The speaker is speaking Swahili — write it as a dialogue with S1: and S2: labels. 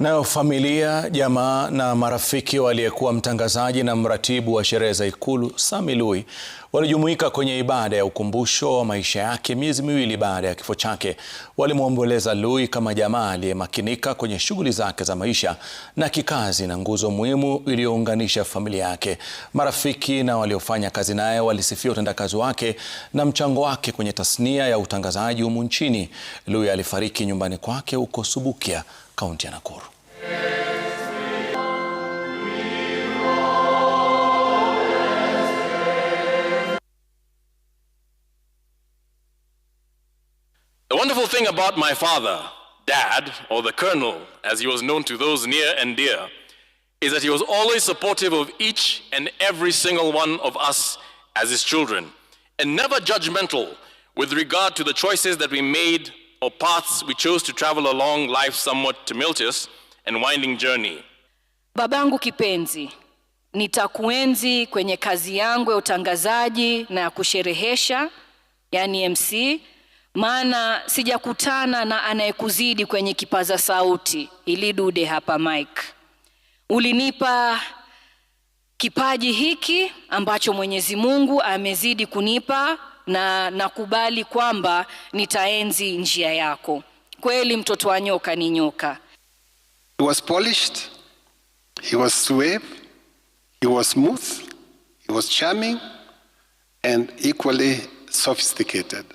S1: Nayo familia, jamaa na marafiki waliyekuwa mtangazaji na mratibu wa sherehe za Ikulu Sammy Lui walijumuika kwenye ibada ya ukumbusho wa maisha yake miezi miwili baada ya kifo chake. Walimwomboleza Lui kama jamaa aliyemakinika kwenye shughuli zake za maisha na kikazi na nguzo muhimu iliyounganisha familia yake. Marafiki na waliofanya kazi naye walisifia utendakazi wake na mchango wake kwenye tasnia ya utangazaji humu nchini. Lui alifariki nyumbani kwake huko Subukia kaunti ya Nakuru.
S2: The wonderful thing about my father, Dad, or the Colonel, as he was known to those near and dear, is that he was always supportive of each and every single one of us as his children, and never judgmental with regard to the choices that we made or paths we chose to travel along life's somewhat tumultuous and winding journey.
S3: Babangu kipenzi, nitakuenzi kwenye kazi yangu ya utangazaji na ya kusherehesha, yani MC, maana sijakutana na anayekuzidi kwenye kipaza sauti. Ili dude hapa mic. Ulinipa Kipaji hiki ambacho Mwenyezi Mungu amezidi kunipa na nakubali kwamba nitaenzi njia yako. Kweli mtoto wa nyoka ni nyoka.
S4: He was polished, he was suave, he was smooth, he was charming and equally sophisticated.